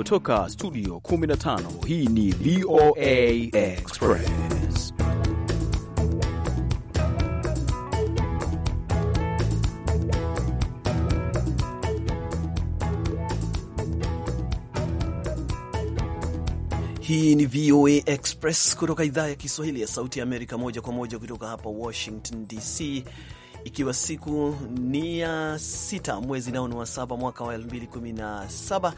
kutoka studio 15 hii ni VOA Express. Hii ni VOA Express kutoka idhaa ya Kiswahili ya Sauti ya Amerika, moja kwa moja kutoka hapa Washington DC, ikiwa siku ni ya sita mwezi nao ni wa saba mwaka wa 2017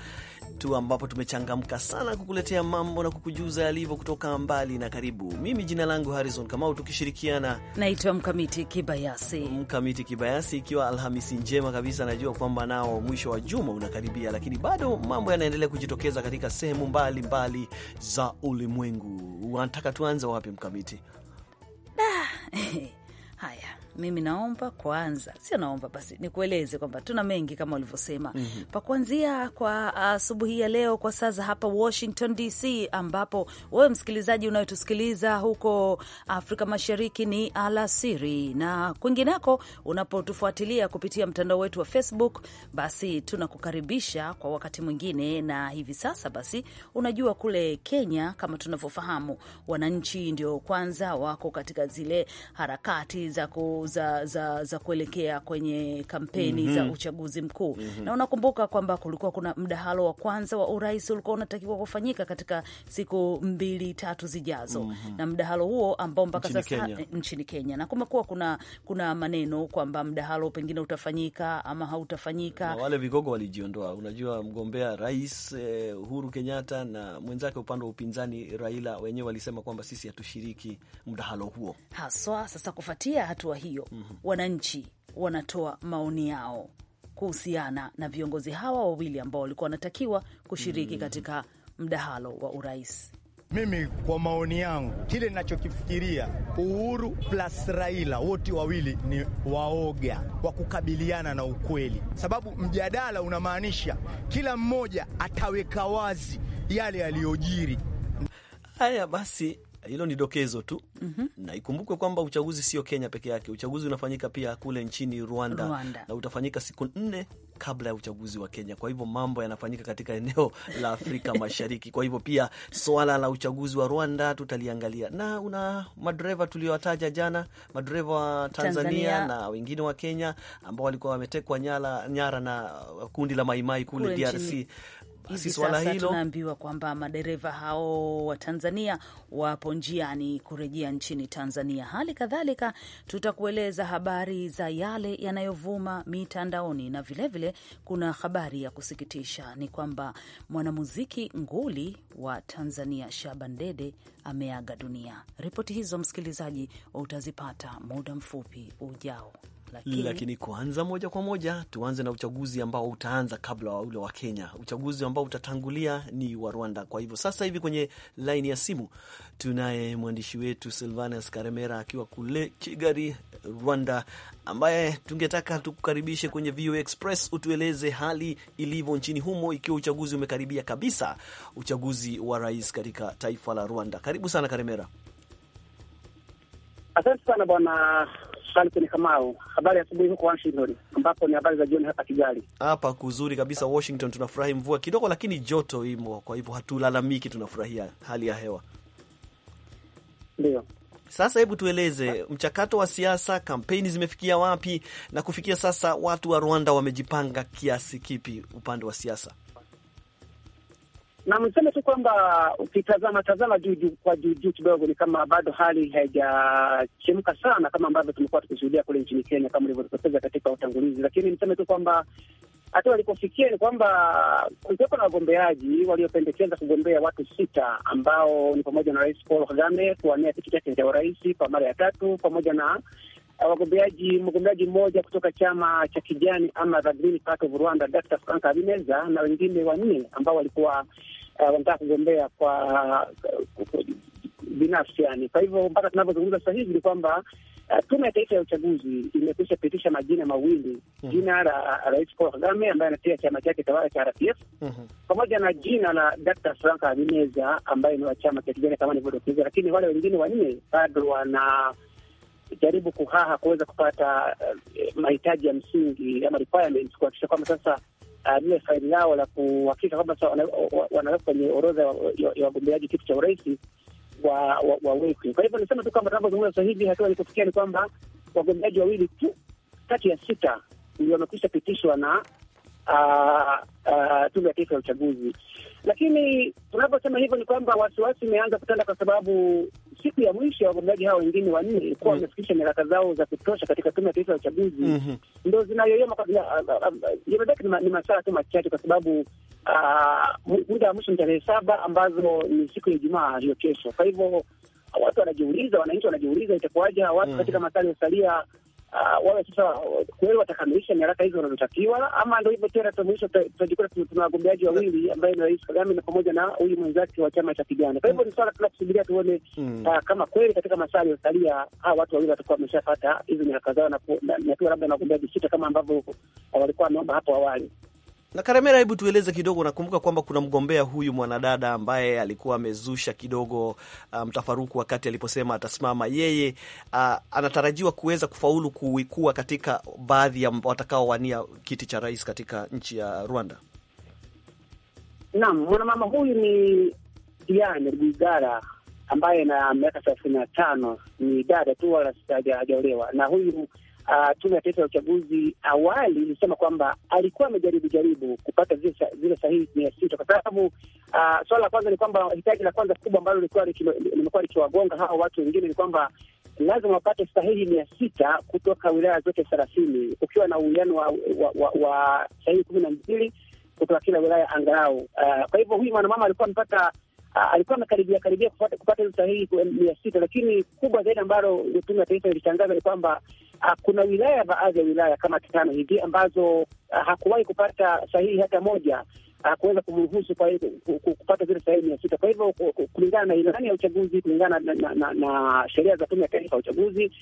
tu ambapo tumechangamka sana kukuletea mambo na kukujuza yalivyo kutoka mbali na karibu. Mimi jina langu Harrison Kamau, tukishirikiana naitwa Mkamiti Kibayasi. Mkamiti Kibayasi, ikiwa Alhamisi njema kabisa. Najua kwamba nao mwisho wa juma unakaribia, lakini bado mambo yanaendelea kujitokeza katika sehemu mbalimbali za ulimwengu. Unataka tuanze wapi, Mkamiti? Haya mimi naomba kwanza, sio naomba basi, nikueleze kwamba tuna mengi kama ulivyosema. mm -hmm. pa kuanzia kwa asubuhi uh, ya leo kwa sasa hapa Washington DC, ambapo wewe msikilizaji unayotusikiliza huko Afrika Mashariki ni alasiri, na kwingineko unapotufuatilia kupitia mtandao wetu wa Facebook, basi tunakukaribisha kwa wakati mwingine. Na hivi sasa basi, unajua kule Kenya kama tunavyofahamu, wananchi ndio kwanza wako katika zile harakati za ku za, za, za kuelekea kwenye kampeni mm -hmm. za mhm. uchaguzi mkuu mm -hmm. na unakumbuka kwamba kulikuwa kuna mdahalo wa kwanza wa urais ulikuwa unatakiwa kufanyika katika siku mbili tatu zijazo mm -hmm. na mdahalo huo ambao mpaka sasa nchini Kenya na kumekuwa kuna, kuna maneno kwamba mdahalo pengine utafanyika ama hautafanyika. Wale vigogo walijiondoa. Unajua, mgombea rais eh, Uhuru Kenyatta na mwenzake upande wa upinzani Raila wenyewe walisema kwamba sisi hatushiriki mdahalo huo haswa. Sasa kufuatia hatua hii hiyo mm -hmm. wananchi wanatoa maoni yao kuhusiana na viongozi hawa wawili ambao walikuwa wanatakiwa kushiriki mm -hmm. katika mdahalo wa urais. Mimi kwa maoni yangu, kile ninachokifikiria Uhuru plus Raila wote wawili ni waoga wa kukabiliana na ukweli, sababu mjadala unamaanisha kila mmoja ataweka wazi yale yaliyojiri. Haya basi, hilo ni dokezo tu mm -hmm. na ikumbukwe kwamba uchaguzi sio Kenya peke yake. Uchaguzi unafanyika pia kule nchini Rwanda, Rwanda. na utafanyika siku nne kabla ya uchaguzi wa Kenya. Kwa hivyo mambo yanafanyika katika eneo la Afrika Mashariki. Kwa hivyo pia swala la uchaguzi wa Rwanda tutaliangalia, na una madereva tuliowataja jana, madereva wa Tanzania, Tanzania na wengine wa Kenya ambao walikuwa wametekwa nyara na kundi la Maimai kule DRC hivi sasa tunaambiwa kwamba madereva hao wa Tanzania wapo njiani kurejea nchini Tanzania. Hali kadhalika tutakueleza habari za yale yanayovuma mitandaoni, na vilevile vile kuna habari ya kusikitisha, ni kwamba mwanamuziki nguli wa Tanzania Shaban Dede ameaga dunia. Ripoti hizo msikilizaji utazipata muda mfupi ujao lakini, lakini kwanza moja kwa moja tuanze na uchaguzi ambao utaanza kabla wa ule wa Kenya. Uchaguzi ambao utatangulia ni wa Rwanda. Kwa hivyo sasa hivi kwenye laini ya simu tunaye mwandishi wetu Silvanus Karemera akiwa kule Kigali, Rwanda, ambaye tungetaka tukukaribishe kwenye VOA Express utueleze hali ilivyo nchini humo, ikiwa uchaguzi umekaribia kabisa, uchaguzi wa rais katika taifa la Rwanda. Karibu sana Karemera. Asante sana bwana Harison Kamau, habari asubuhi huko Washington, ambapo ni habari za jioni hapa Kigali. Hapa kuzuri kabisa Washington, tunafurahi mvua kidogo, lakini joto imo, kwa hivyo hatulalamiki, tunafurahia hali ya hewa. Ndio. Sasa hebu tueleze mchakato wa siasa, kampeni zimefikia wapi, na kufikia sasa watu wa Rwanda wamejipanga kiasi kipi upande wa siasa? na niseme tu kwamba ukitazama tazama juu juu kwa juu juu kidogo, ni kama bado hali haijachemka sana kama ambavyo tumekuwa tukishuhudia kule nchini Kenya kama ulivyotokeza katika utangulizi, lakini niseme tu kwamba hata walikofikia ni kwamba kulikuwa na wagombeaji waliopendekeza kugombea watu sita ambao ni pamoja na Rais Paul Kagame kuwania kiti chake cha urais kwa mara ya tatu pamoja na wagombeaji uh, mgombeaji mmoja kutoka chama cha kijani ama the Green Party of Rwanda, Dr. Frank Habineza na wengine wanne ambao walikuwa uh, wanataka kugombea kwa uh, binafsi yani. Kwa hivyo mpaka tunavyozungumza sasa hivi ni kwamba uh, Tume ya Taifa ya Uchaguzi imekwisha pitisha majina mawili mm -hmm. jina la uh, Rais Paul Kagame ambaye anatia chama chake tawala cha RPF mm -hmm. pamoja na jina la Dr. Frank Habineza ambaye ni wa chama cha kijani kama nilivyodokeza, lakini wale wengine wanne bado wana jaribu kuhaha kuweza kupata uh, mahitaji ya msingi ama requirements kuhakikisha kwamba sasa uh, lile faili lao la kuhakika kwamba wanaweka kwenye orodha ya wagombeaji kitu cha urais wa, wa. Kwa hivyo nisema tu kwamba tunavyozungumza sasa hivi hatua ilikufikia ni kwamba wagombeaji wawili tu kati ya sita ndio wamekwisha pitishwa na Ah, ah, tume ya taifa ya uchaguzi. Lakini tunaposema hivyo ni kwamba wasiwasi imeanza kutanda, kwa sababu siku ya mwisho wagombeaji hao wengine wanne ilikuwa mm. wamefikisha nyaraka zao za kutosha katika tume ya taifa ya uchaguzi, mhm. ndo zinayoyoma. Yamebaki ni masaa tu machache, kwa sababu ah, muda wa mwisho ni tarehe saba ambazo ni siku ya Ijumaa hiyo kesho. Kwa hivyo watu wanajiuliza, wananchi wanajiuliza itakuwaje watu mm. katika masaa aliyosalia uh, wawe sasa kweli watakamilisha nyaraka hizo wanazotakiwa, ama ndo hivyo tena, mwisho tutajikuta tuna wagombeaji wawili ambaye ni Rais Kagame na pamoja na huyu mwenzake wa chama cha kijana. Kwa hivyo ni swala tunakusubiria tuone hmm. uh, kama kweli katika masaa aliyosalia uh, hawa watu wawili watakuwa wameshapata hizo nyaraka zao, na pia labda na wagombeaji sita kama ambavyo walikuwa wameomba hapo awali. Na Karemera, hebu tueleze kidogo. Nakumbuka kwamba kuna mgombea huyu mwanadada ambaye alikuwa amezusha kidogo mtafaruku um, wakati aliposema atasimama yeye. Uh, anatarajiwa kuweza kufaulu kuikua katika baadhi ya watakaowania kiti cha rais katika nchi ya Rwanda. Naam, mwanamama huyu ni Diane Rwigara ambaye na miaka thelathini na tano, ni dada tu, wala hajaolewa na huyu uh, Tume ya Taifa ya Uchaguzi awali ilisema kwamba alikuwa amejaribu jaribu kupata zile, zile sahihi mia sita kwa sababu uh, ah, suala la kwanza ni kwamba hitaji la kwanza kubwa ambalo limekuwa likiwagonga hawa watu wengine ni kwamba lazima wapate sahihi mia sita kutoka wilaya zote thelathini ukiwa na uwiano wa, wa, wa, wa sahihi kumi na mbili kutoka kila wilaya angalau. Uh, kwa hivyo huyu mwanamama alikuwa amepata alikuwa amekaribia karibia kupata, kupata hizo sahihi mia sita, lakini kubwa zaidi ambalo tume ya taifa ilitangaza ni kwamba kuna wilaya, baadhi ya wilaya kama tano hivi ambazo hakuwahi kupata sahihi hata moja kuweza kumruhusu kupata zile sahihi mia sita. Kwa hivyo kulingana na ilani ya uchaguzi, kulingana na, na, na, na sheria za tume ya taifa ya uchaguzi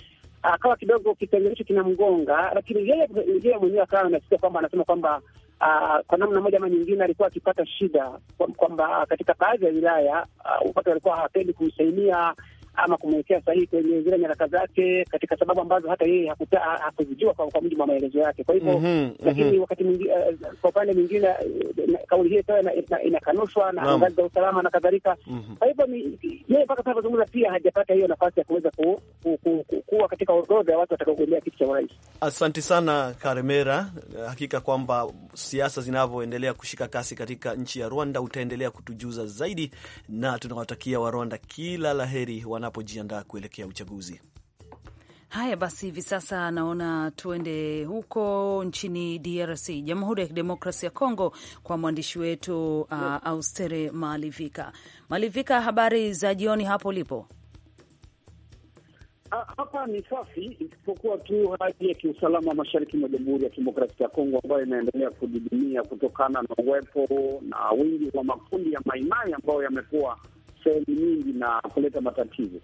akawa kidogo kipengele hicho kina mgonga, lakini yeye mwenyewe akawa anasikia kwamba anasema kwamba uh, kwa namna moja ama nyingine alikuwa akipata shida kwamba katika baadhi ya wilaya uh, ah, watu walikuwa hawapendi kumsainia ama kumwekea sahihi kwenye zile nyaraka zake katika sababu ambazo hata yeye hakuzijua kwa mujibu wa maelezo yake. Kwa hivyo, mhm, mhm. lakini wakati mwingine, eh, kwa upande mwingine, eh, kauli hiyo ikawa inakanushwa na ngazi za usalama na kadhalika. Mhm. Kwa hivyo yeye mpaka sasa pia hajapata hiyo nafasi ya kuweza kuwa katika orodha ya watu watakaogombea kiti cha urais. Asante sana Karemera, hakika kwamba siasa zinavyoendelea kushika kasi katika nchi ya Rwanda utaendelea kutujuza zaidi, na tunawatakia Warwanda kila laheri wanapojiandaa kuelekea uchaguzi. Haya basi, hivi sasa naona tuende huko nchini DRC, Jamhuri ya Kidemokrasi ya Kongo, kwa mwandishi wetu uh, Austere Malivika. Malivika, habari za jioni hapo ulipo? Ah, hapa ni safi, isipokuwa tu hali ya kiusalama mashariki mwa Jamhuri ya Kidemokrasia ya Kongo ambayo inaendelea kudidimia kutokana na uwepo na wingi wa makundi ya maimai ambayo yamekuwa sehemu nyingi na kuleta matatizo.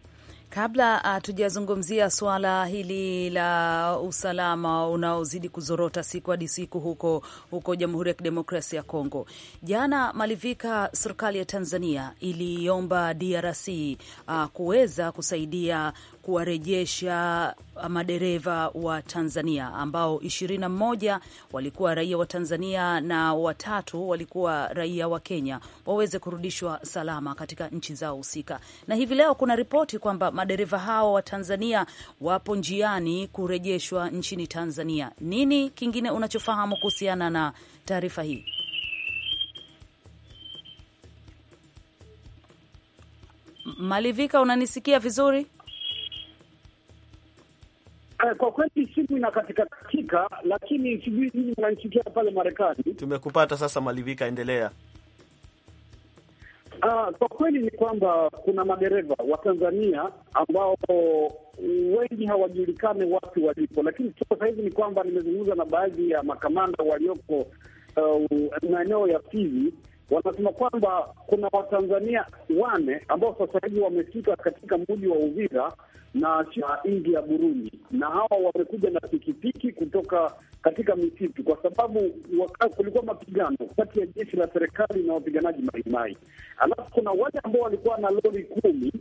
Kabla hatujazungumzia ah, suala hili la usalama unaozidi kuzorota siku hadi siku huko huko Jamhuri ya Kidemokrasia ya Kongo, jana Malivika, serikali ya Tanzania iliomba DRC uh, ah, kuweza kusaidia kuwarejesha madereva wa Tanzania ambao 21 walikuwa raia wa Tanzania na watatu walikuwa raia wa Kenya waweze kurudishwa salama katika nchi zao husika. Na hivi leo kuna ripoti kwamba madereva hao wa Tanzania wapo njiani kurejeshwa nchini Tanzania. Nini kingine unachofahamu kuhusiana na taarifa hii? Malivika, unanisikia vizuri? Eh, kwa kweli simu ina katika, lakini sijui nini mnanisikia pale Marekani. Tumekupata sasa, Malivika, endelea. Uh, kwa kweli ni kwamba kuna madereva wa Tanzania ambao wengi hawajulikani wapi walipo, lakini sasa hivi ni kwamba nimezungumza na baadhi ya makamanda walioko uh, maeneo ya Fizi wanasema kwamba kuna Watanzania wane ambao sasa hivi wamefika katika mji wa Uvira na cha nji ya Burundi, na hawa wamekuja na pikipiki kutoka katika misitu, kwa sababu waka, kulikuwa mapigano kati ya jeshi la serikali na wapiganaji maimai. Alafu kuna wale ambao walikuwa na lori kumi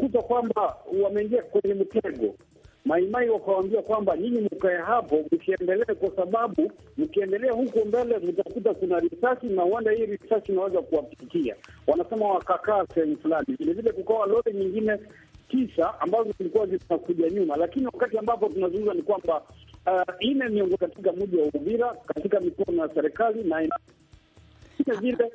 kuta kwamba wameingia kwenye mtego Maimai wakawambia kwamba nyinyi mkae hapo mkiendelee kwa sababu mkiendelea huko mbele mtakuta kuna risasi na huenda hii risasi inaweza kuwapikia. Wanasema wakakaa sehemu fulani. Vilevile kukawa lori nyingine tisa ambazo zilikuwa zinakuja nyuma, lakini wakati ambapo tunazungumza ni kwamba uh, ine miongo katika mji wa Uvira katika mikono ya serikali na ina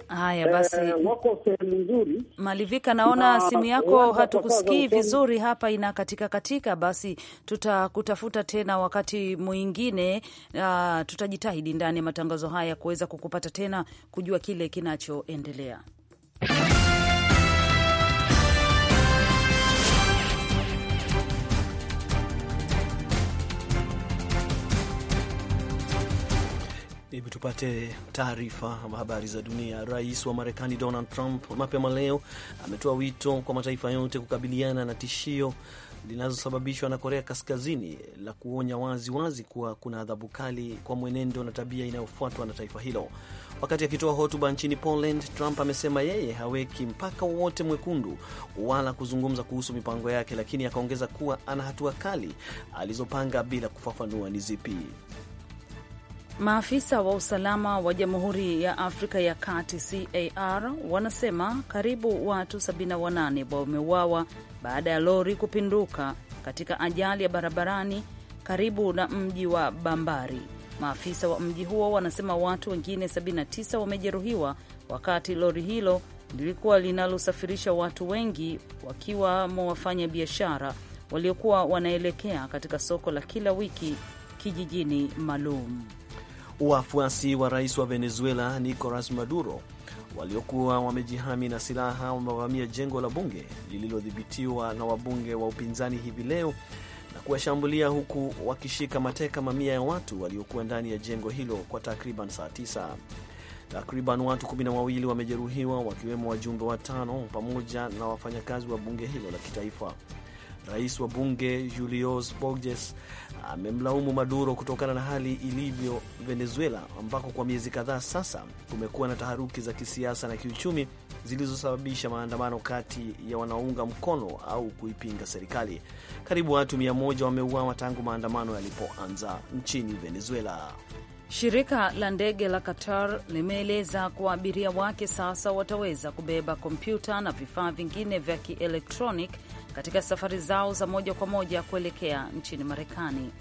haya basi, uh, wako sehemu nzuri. Malivika, naona na simu yako hatukusikii vizuri hapa, ina katika katika. Basi tutakutafuta tena wakati mwingine. Uh, tutajitahidi ndani ya matangazo haya kuweza kukupata tena, kujua kile kinachoendelea. Hebu tupate taarifa ama habari za dunia. Rais wa Marekani Donald Trump mapema leo ametoa wito kwa mataifa yote kukabiliana na tishio linazosababishwa na Korea Kaskazini la kuonya wazi wazi kuwa kuna adhabu kali kwa mwenendo na tabia inayofuatwa na taifa hilo. Wakati akitoa hotuba nchini Poland, Trump amesema yeye haweki mpaka wowote mwekundu wala kuzungumza kuhusu mipango yake, lakini akaongeza kuwa ana hatua kali alizopanga bila kufafanua ni zipi. Maafisa wa usalama wa Jamhuri ya Afrika ya Kati CAR wanasema karibu watu 78 wameuawa baada ya lori kupinduka katika ajali ya barabarani karibu na mji wa Bambari. Maafisa wa mji huo wanasema watu wengine 79 wamejeruhiwa wakati lori hilo lilikuwa linalosafirisha watu wengi wakiwamo wafanya biashara waliokuwa wanaelekea katika soko la kila wiki kijijini Malum. Wafuasi wa rais wa Venezuela Nicolas Maduro waliokuwa wamejihami na silaha wamevamia jengo la bunge lililodhibitiwa na wabunge wa upinzani hivi leo na kuwashambulia huku wakishika mateka mamia ya watu waliokuwa ndani ya jengo hilo kwa takriban saa tisa. Takriban watu kumi na wawili wamejeruhiwa wakiwemo wajumbe watano pamoja na wafanyakazi wa bunge hilo la kitaifa. Rais wa bunge Julios Borges amemlaumu Maduro kutokana na hali ilivyo Venezuela, ambako kwa miezi kadhaa sasa kumekuwa na taharuki za kisiasa na kiuchumi zilizosababisha maandamano kati ya wanaounga mkono au kuipinga serikali. Karibu watu mia moja wameuawa tangu maandamano yalipoanza nchini Venezuela. Shirika la ndege la Qatar limeeleza kuwa abiria wake sasa wataweza kubeba kompyuta na vifaa vingine vya kielektronic katika safari zao za moja kwa moja kuelekea nchini Marekani.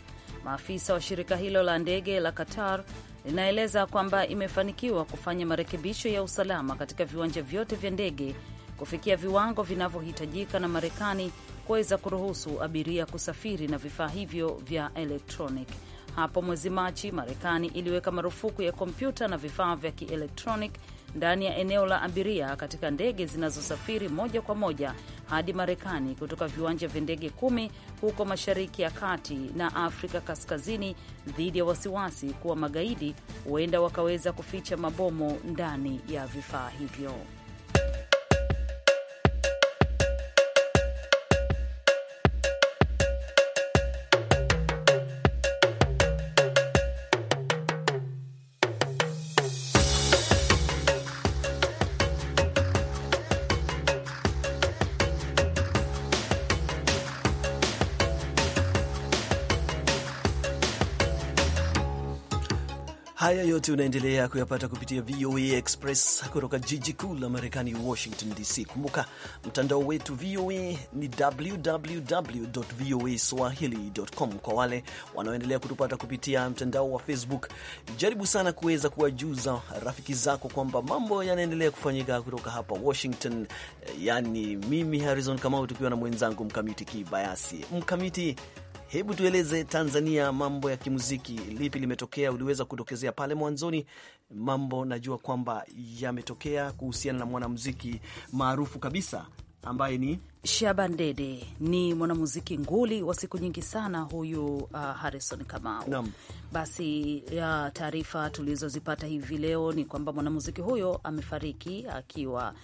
Maafisa wa shirika hilo la ndege la Qatar linaeleza kwamba imefanikiwa kufanya marekebisho ya usalama katika viwanja vyote vya ndege kufikia viwango vinavyohitajika na Marekani kuweza kuruhusu abiria kusafiri na vifaa hivyo vya elektronic. Hapo mwezi Machi, Marekani iliweka marufuku ya kompyuta na vifaa vya kielektronik ndani ya eneo la abiria katika ndege zinazosafiri moja kwa moja hadi Marekani kutoka viwanja vya ndege kumi huko Mashariki ya Kati na Afrika Kaskazini dhidi ya wasiwasi kuwa magaidi huenda wakaweza kuficha mabomu ndani ya vifaa hivyo. Haya yote unaendelea kuyapata kupitia VOA Express kutoka jiji kuu la Marekani, Washington DC. Kumbuka mtandao wetu VOA ni www voa swahili.com. Kwa wale wanaoendelea kutupata kupitia mtandao wa Facebook, jaribu sana kuweza kuwajuza rafiki zako kwamba mambo yanaendelea kufanyika kutoka hapa Washington. Eh, yani mimi Harrison Kamau tukiwa na mwenzangu Mkamiti Kibayasi. Mkamiti, Hebu tueleze Tanzania, mambo ya kimuziki, lipi limetokea? Uliweza kutokezea pale mwanzoni, mambo najua kwamba yametokea kuhusiana na mwanamuziki maarufu kabisa ambaye ni Shaban Dede. Ni mwanamuziki nguli wa siku nyingi sana huyu, uh, Harrison Kamau. Naam. Basi taarifa tulizozipata hivi leo ni kwamba mwanamuziki huyo amefariki akiwa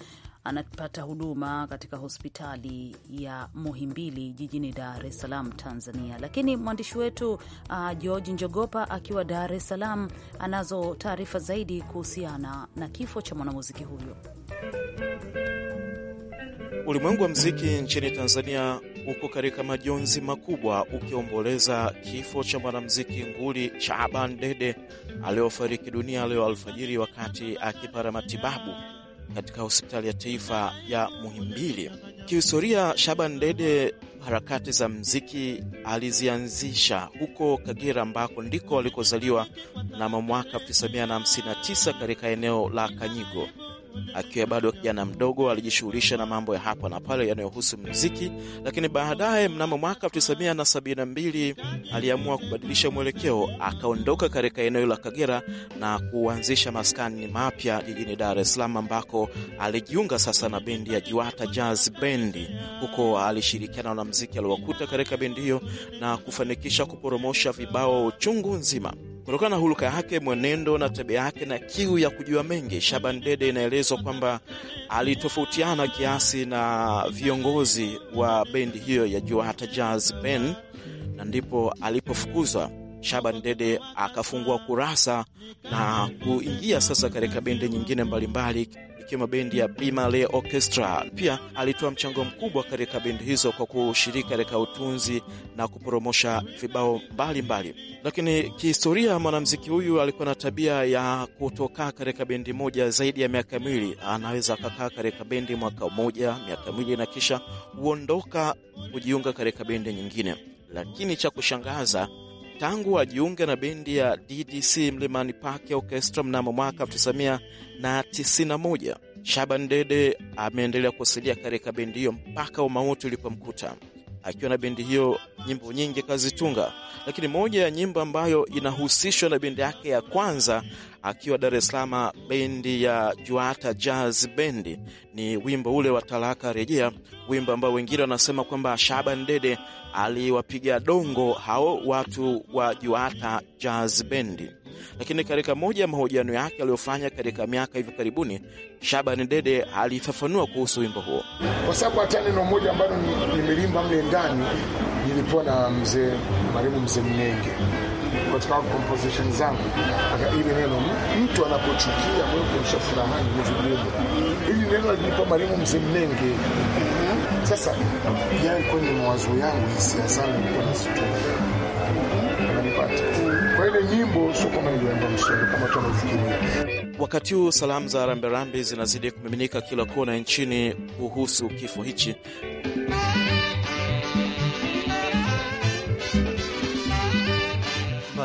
anapata huduma katika hospitali ya Muhimbili jijini Dar es Salaam, Tanzania. Lakini mwandishi wetu uh, George Njogopa akiwa Dar es Salaam anazo taarifa zaidi kuhusiana na kifo cha mwanamuziki huyo. Ulimwengu wa mziki nchini Tanzania uko katika majonzi makubwa ukiomboleza kifo cha mwanamziki nguli Shaaban Dede aliyofariki dunia leo alfajiri wakati akipata matibabu katika hospitali ya taifa ya Muhimbili. Kihistoria, Shaban Dede harakati za mziki alizianzisha huko Kagera ambako ndiko alikozaliwa mnamo mwaka 1959 katika eneo la Kanyigo. Akiwa bado kijana mdogo, alijishughulisha na mambo ya hapa na pale yanayohusu muziki, lakini baadaye, mnamo mwaka 1972 aliamua kubadilisha mwelekeo, akaondoka katika eneo la Kagera na kuanzisha maskani mapya jijini Dar es Salaam, ambako alijiunga sasa na bendi ya Jiwata Jazz Bendi. Huko alishirikiana na mziki aliokuta katika bendi hiyo na kufanikisha kuporomosha vibao chungu nzima. Kutokana na huluka yake, mwenendo na tabia yake na kiu ya kujua mengi, Shaban Dede inaelezwa kwamba alitofautiana kiasi na viongozi wa bendi hiyo ya Jua Hata Jazz Band, na ndipo alipofukuzwa Shaban Dede akafungua kurasa na kuingia sasa katika bendi nyingine mbalimbali ikiwemo bendi ya Bimale Orchestra. Pia alitoa mchango mkubwa katika bendi hizo kwa kushiriki katika utunzi na kuporomosha vibao mbalimbali. Lakini kihistoria, mwanamziki huyu alikuwa na tabia ya kutokaa katika bendi moja zaidi ya miaka miwili. Anaweza akakaa katika bendi mwaka mmoja, miaka miwili, na kisha huondoka kujiunga katika bendi nyingine. Lakini cha kushangaza tangu ajiunge na bendi ya DDC Mlimani Park ya Orchestra mnamo mwaka 1991. Shaban Dede ameendelea kuasilia katika bendi hiyo mpaka umauti ulipomkuta akiwa na bendi hiyo nyimbo nyingi akazitunga, lakini moja ya nyimbo ambayo inahusishwa na bendi yake ya kwanza akiwa Dar es Salaam, bendi ya Juata Jazz Bendi, ni wimbo ule wa Talaka Rejea, wimbo ambao wengine wanasema kwamba Shaban Dede aliwapiga dongo hao watu wa Juata Jazz Bendi. Lakini katika moja ya mahojiano yake aliyofanya katika miaka hivi karibuni, shabani Dede alifafanua kuhusu wimbo huo. Kwa sababu hata neno moja ambalo nimelimba mle ndani nilikuwa na mzee marehemu mzee Mnenge katika composition zangu, ili neno mtu anapochukia kuonyesha furahani vigumu, ili neno alinipa marehemu mzee Mnenge. Sasa yale kwenye mawazo yangu, hisia zangu, kwa nasitu nyimbo sio kama ilienda kama Wakati huu salamu za rambirambi zinazidi kumiminika kila kona nchini kuhusu kifo hichi.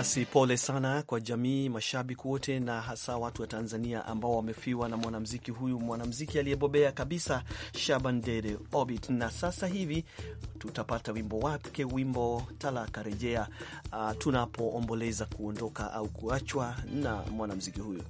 Basi pole sana kwa jamii, mashabiki wote, na hasa watu wa Tanzania ambao wamefiwa na mwanamziki huyu, mwanamziki aliyebobea kabisa, Shaban Dede Obit. Na sasa hivi tutapata wimbo wake, wimbo Talaka Rejea, uh, tunapoomboleza kuondoka au kuachwa na mwanamziki huyu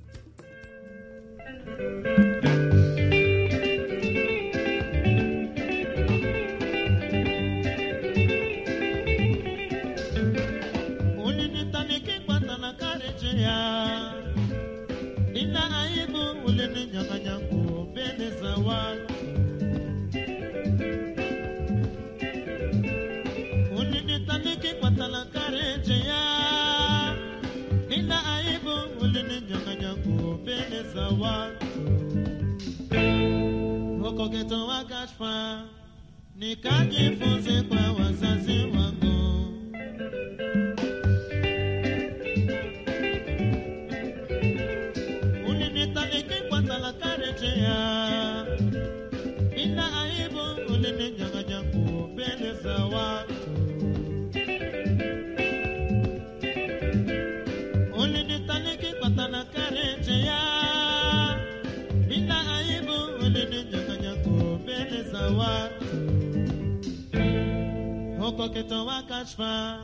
wa moko keto wakash fa nikajifunze kwa wazazi wangu Roho poketo wakashfa,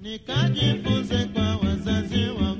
nikajifunze kwa wazazi wangu.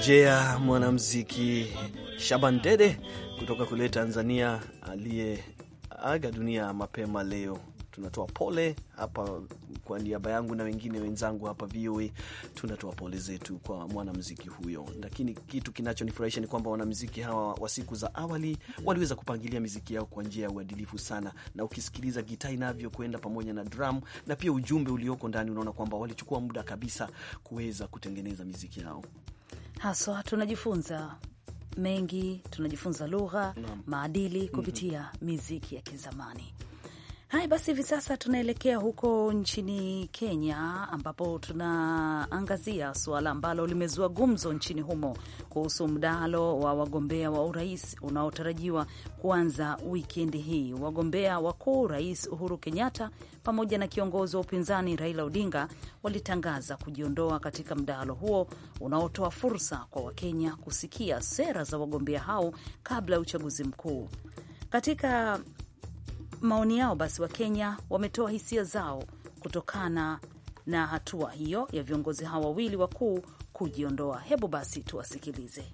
kurejea mwanamuziki Shaban Dede kutoka kule Tanzania aliyeaga dunia mapema leo. Tunatoa pole hapa kwa niaba yangu na wengine wenzangu hapa VOA, tunatoa pole zetu kwa mwanamuziki huyo. Lakini kitu kinachonifurahisha ni kwamba wanamuziki hawa wa siku za awali waliweza kupangilia miziki yao kwa njia ya uadilifu sana, na ukisikiliza gitaa inavyokwenda pamoja na drum na pia ujumbe ulioko ndani, unaona kwamba walichukua muda kabisa kuweza kutengeneza miziki yao haswa tunajifunza mengi, tunajifunza lugha, maadili kupitia mhm. miziki ya kizamani. Haya basi, hivi sasa tunaelekea huko nchini Kenya, ambapo tunaangazia suala ambalo limezua gumzo nchini humo kuhusu mdahalo wa wagombea wa urais unaotarajiwa kuanza wikendi hii. Wagombea wakuu, Rais Uhuru Kenyatta pamoja na kiongozi wa upinzani Raila Odinga, walitangaza kujiondoa katika mdahalo huo unaotoa fursa kwa Wakenya kusikia sera za wagombea hao kabla ya uchaguzi mkuu katika maoni yao, basi Wakenya wametoa hisia zao kutokana na hatua hiyo ya viongozi hawa wawili wakuu kujiondoa. Hebu basi tuwasikilize.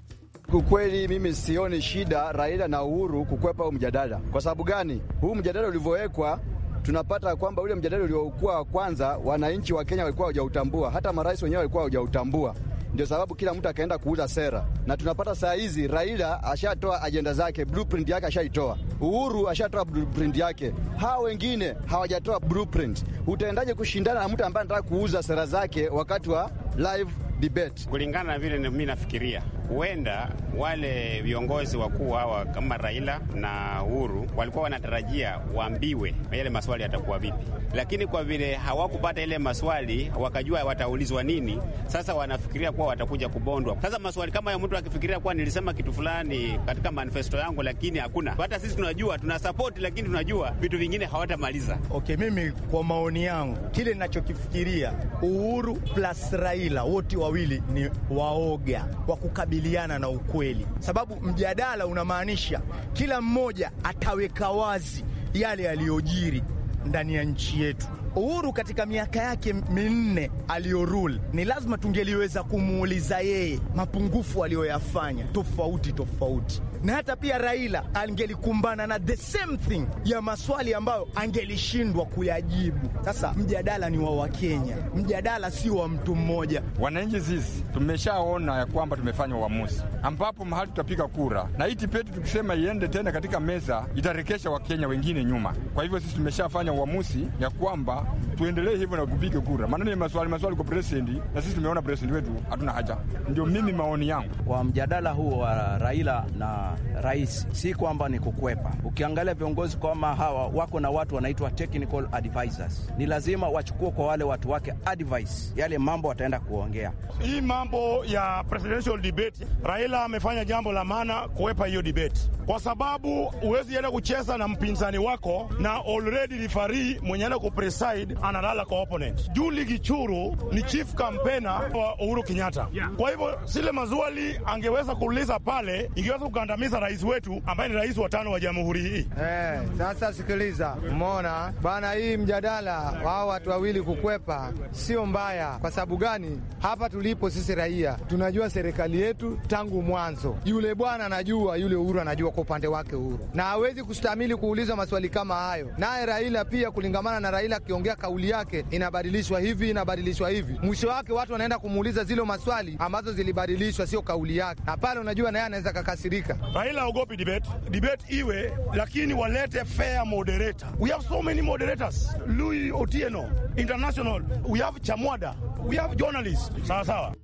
Kukweli mimi sioni shida Raila na Uhuru kukwepa huu mjadala. Kwa sababu gani? Huu mjadala ulivyowekwa, tunapata kwamba ule mjadala uliokuwa wa kwanza, wananchi wa Kenya walikuwa hawajautambua, hata marais wenyewe walikuwa hawajautambua ndio sababu kila mtu akaenda kuuza sera, na tunapata saa hizi Raila ashatoa ajenda zake, blueprint yake ashaitoa. Uhuru ashatoa blueprint yake, hawa wengine hawajatoa blueprint. Utaendaje kushindana na mtu ambaye anataka kuuza sera zake wakati wa live debate? Kulingana na vile mi nafikiria huenda wale viongozi wakuu hawa kama Raila na Uhuru walikuwa wanatarajia waambiwe yale maswali yatakuwa vipi, lakini kwa vile hawakupata ile maswali wakajua wataulizwa nini, sasa wanafikiria kuwa watakuja kubondwa. Sasa maswali kama ya mtu akifikiria kuwa nilisema kitu fulani katika manifesto yangu, lakini hakuna hata sisi tunajua tuna sapoti, lakini tunajua vitu vingine hawatamaliza. Okay, mimi kwa maoni yangu kile ninachokifikiria Uhuru plus Raila wote wawili ni waoga wa kukabili kukabiliana na ukweli, sababu mjadala unamaanisha kila mmoja ataweka wazi yale yaliyojiri ndani ya nchi yetu. Uhuru katika miaka yake minne aliyorule, ni lazima tungeliweza kumuuliza yeye mapungufu aliyoyafanya tofauti tofauti, na hata pia Raila angelikumbana na the same thing ya maswali ambayo angelishindwa kuyajibu. Sasa mjadala ni wa Wakenya, mjadala si wa mtu mmoja. Wananchi sisi tumeshaona ya kwamba tumefanya uamuzi ambapo mahali tutapiga kura na hii tipeti tukisema iende tena katika meza itarekesha Wakenya wengine nyuma. Kwa hivyo sisi tumeshafanya uamuzi ya kwamba tuendelee hivyo na kupiga kura, maana ni maswali maswali kwa presidenti, na sisi tumeona presidenti wetu hatuna haja. Ndio mimi maoni yangu kwa mjadala huo wa Raila na rais, si kwamba ni kukwepa. Ukiangalia viongozi kama hawa wako na watu wanaitwa technical advisors, ni lazima wachukue kwa wale watu wake advice yale mambo wataenda kuongea. Hii mambo ya presidential debate, Raila amefanya jambo la maana kuwepa hiyo debate, kwa sababu huwezi enda kucheza na mpinzani wako na already referee mwenye enda kupreside analala kwa opponent. Juu ligi churu ni chief kampena wa Uhuru Kenyatta, kwa hivyo sile mazuali angeweza kuuliza pale ingeweza kugandamiza kabisa rais wetu ambaye ni rais wa tano wa jamhuri hii. Hey, eh, sasa sikiliza, mona bwana, hii mjadala wao watu wawili kukwepa sio mbaya. Kwa sababu gani? Hapa tulipo sisi raia tunajua serikali yetu tangu mwanzo. Yule bwana anajua, yule Uhuru anajua kwa upande wake Uhuru, na hawezi kustamili kuulizwa maswali kama hayo. Naye Raila pia, kulingamana na Raila akiongea, kauli yake inabadilishwa hivi, inabadilishwa hivi, mwisho wake watu wanaenda kumuuliza zile maswali ambazo zilibadilishwa, sio kauli yake, na pale unajua naye anaweza kakasirika. Raila ogopi debate. Debate iwe, lakini walete fair moderator. We have so many moderators. Louis Otieno, international. We have Chamwada. We have journalists. Sawa sawa.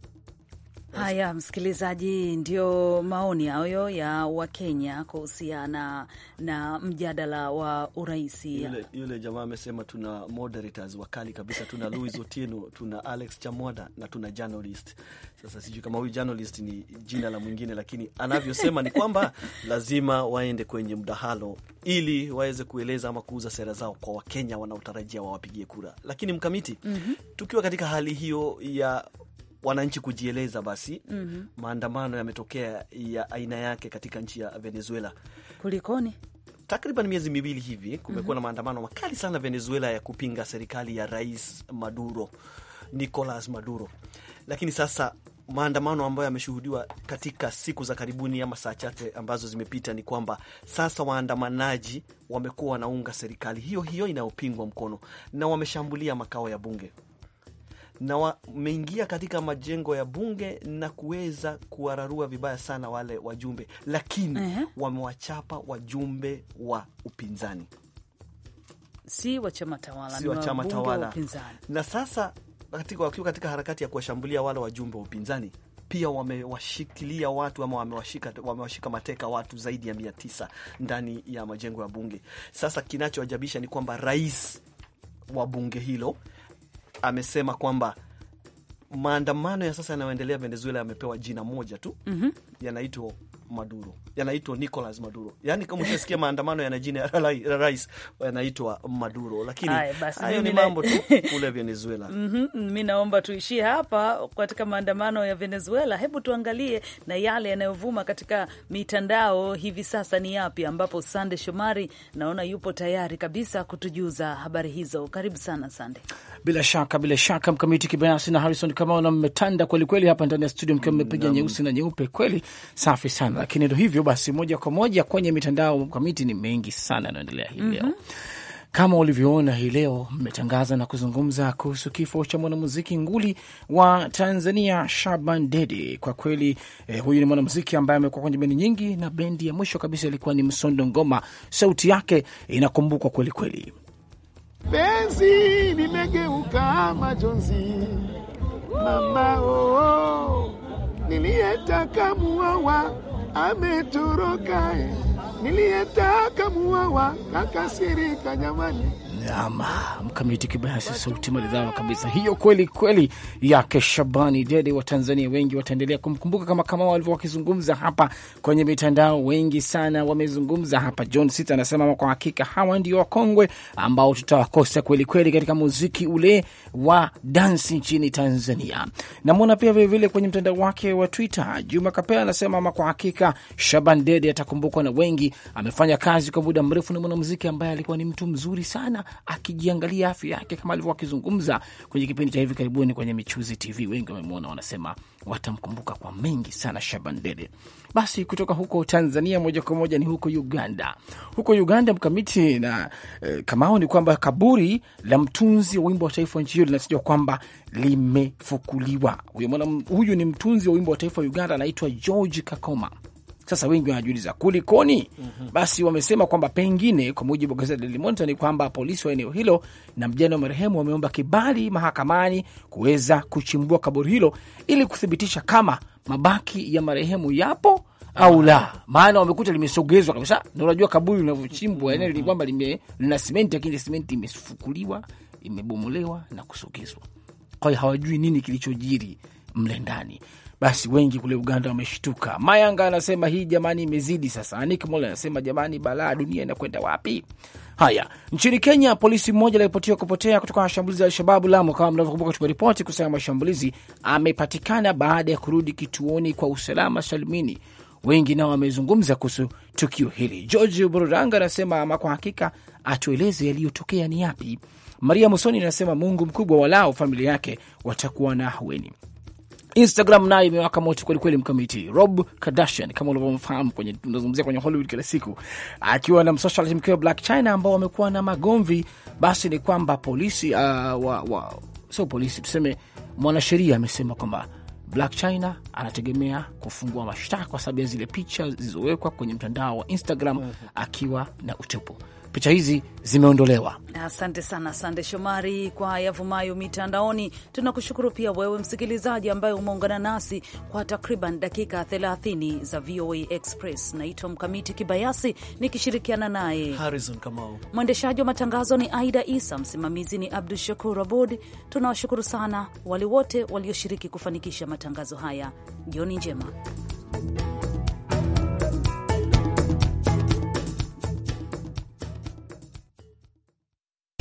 Haya, msikilizaji, ndio maoni hayo ya Wakenya kuhusiana na mjadala wa urais. Yule, yule jamaa amesema tuna moderators wakali kabisa, tuna Louis Otieno, tuna Alex Chamwada na tuna journalist. Sasa sijui kama huyu journalist ni jina la mwingine, lakini anavyosema ni kwamba lazima waende kwenye mdahalo ili waweze kueleza ama kuuza sera zao kwa Wakenya wanaotarajia wawapigie kura. Lakini mkamiti, mm -hmm. tukiwa katika hali hiyo ya wananchi kujieleza basi. mm -hmm. Maandamano yametokea ya aina yake katika nchi ya Venezuela. Kulikoni? Takriban miezi miwili hivi kumekuwa mm -hmm. na maandamano makali sana Venezuela ya kupinga serikali ya Rais Maduro, Nicolas Maduro, lakini sasa maandamano ambayo yameshuhudiwa katika siku za karibuni ama saa chache ambazo zimepita ni kwamba sasa waandamanaji wamekuwa wanaunga serikali hiyo hiyo inayopingwa mkono na wameshambulia makao ya bunge na wameingia katika majengo ya bunge na kuweza kuwararua vibaya sana wale wajumbe, lakini uh -huh. wamewachapa wajumbe wa upinzani, si wa chama tawala, si wa chama tawala. Na sasa katika, wakiwa katika harakati ya kuwashambulia wale wajumbe wa upinzani pia wamewashikilia watu ama wamewashika, wamewashika mateka watu zaidi ya mia tisa ndani ya majengo ya bunge. Sasa kinachoajabisha ni kwamba rais wa bunge hilo amesema kwamba maandamano ya sasa yanayoendelea Venezuela yamepewa jina moja tu, mm -hmm. yanaitwa Maduro yanaitwa Nicolas Maduro. Yaani kama ushasikia maandamano yana jina ya rais yanaitwa Maduro, lakini hayo ni mambo tu kule Venezuela. mm -hmm, mi naomba tuishie hapa katika maandamano ya Venezuela. Hebu tuangalie na yale yanayovuma katika mitandao hivi sasa ni yapi, ambapo Sande Shomari naona yupo tayari kabisa kutujuza habari hizo. Karibu sana Sande. Bila shaka, bila shaka Mkamiti Kibayasi na Harrison Kamau, na mmetanda kwelikweli hapa ndani ya studio mkiwa mmepiga nyeusi na nyeupe, kweli safi sana, lakini ndo hivyo hivyo basi, moja kwa moja kwenye mitandao kamiti ni mengi sana yanaendelea hii leo mm -hmm. Kama ulivyoona hii leo mmetangaza na kuzungumza kuhusu kifo cha mwanamuziki nguli wa Tanzania, Shaban Dede. Kwa kweli eh, huyu ni mwanamuziki ambaye amekuwa kwenye bendi nyingi na bendi ya mwisho kabisa ilikuwa ni Msondo Ngoma. Sauti yake inakumbukwa kweli kweli. Penzi limegeuka majonzi, mama oh, oh niliyetaka muawa ametoroka, eh. niliyetaka muwawa kakasirika, jamani ama mkamiti kibayasi, sauti maridhawa kabisa hiyo, kweli kweli, yake Shabani Dede. wa tanzania wengi wataendelea kumkumbuka kama kama walivyo wakizungumza hapa kwenye mitandao, wengi sana wamezungumza hapa. John sit anasema kwa hakika hawa ndio wakongwe ambao tutawakosa kweli kweli katika muziki ule wa dansi nchini Tanzania. Namwona pia vilevile kwenye mtandao wake wa Twitter, Juma Kapea anasema ama kwa hakika Shaban Dede atakumbukwa na wengi, amefanya kazi kwa muda mrefu, ni mwanamuziki ambaye alikuwa ni mtu mzuri sana akijiangalia afya yake, kama alivyokuwa akizungumza kwenye kipindi cha hivi karibuni kwenye Michuzi TV. Wengi wamemwona, wanasema watamkumbuka kwa mengi sana Shaban Dede. Basi kutoka huko Tanzania moja kwa moja ni huko Uganda. Huko Uganda mkamiti na eh, kamao ni kwamba kaburi la mtunzi wa wimbo wa taifa wa nchi hiyo linatajwa kwamba limefukuliwa. Huyu ni mtunzi wa wimbo wa taifa wa Uganda, anaitwa George Kakoma sasa wengi wanajiuliza kulikoni? mm -hmm. Basi wamesema kwamba pengine, kwa mujibu wa gazeti Daily Monitor, ni kwamba polisi wa eneo hilo na mjane wa marehemu wameomba kibali mahakamani kuweza kuchimbua kaburi hilo ili kuthibitisha kama mabaki ya marehemu yapo au la, maana wamekuta limesogezwa kabisa, na unajua kaburi linavyochimbwa eneo ni kwamba lina simenti, lakini simenti imefukuliwa, imebomolewa na kusogezwa. Kwa hiyo hawajui nini kilichojiri mle ndani basi wengi kule Uganda wameshtuka. Mayanga anasema hii jamani, imezidi sasa. Anik Mola anasema jamani, balaa, dunia inakwenda wapi? Haya, nchini Kenya, polisi mmoja aliripotiwa kupotea kutoka mashambulizi ya Alshababu Lamu. Kama mnavyokumbuka, tumeripoti kusema mashambulizi, amepatikana baada ya kurudi kituoni kwa usalama salimini. Wengi nao wamezungumza kuhusu tukio hili. George Bururanga anasema ama kwa hakika atueleze yaliyotokea ni yapi. Maria Musoni anasema Mungu mkubwa, walao familia yake watakuwa na ahueni. Instagram nayo imewaka moto kwelikweli, mkamiti Rob Kardashian kama ulivyomfahamu kwenye tunazungumzia kwenye Hollywood kila siku, akiwa na msocialite mkewe Black China ambao wamekuwa na magomvi. Basi ni kwamba polisi uh, wa, wa, sio polisi tuseme, mwanasheria amesema kwamba Black China anategemea kufungua mashtaka kwa sababu ya zile picha zilizowekwa kwenye mtandao wa Instagram mm-hmm. akiwa na utepo picha hizi zimeondolewa. Asante sana Sande Shomari kwa yavumayo mitandaoni. Tunakushukuru pia wewe msikilizaji ambaye umeungana nasi kwa takriban dakika 30 za VOA Express. Naitwa Mkamiti Kibayasi nikishirikiana naye Harrison Kamau. Mwendeshaji wa matangazo ni Aida Isa, msimamizi ni Abdu Shakur Abud. Tunawashukuru sana wale wote walioshiriki kufanikisha matangazo haya. Jioni njema.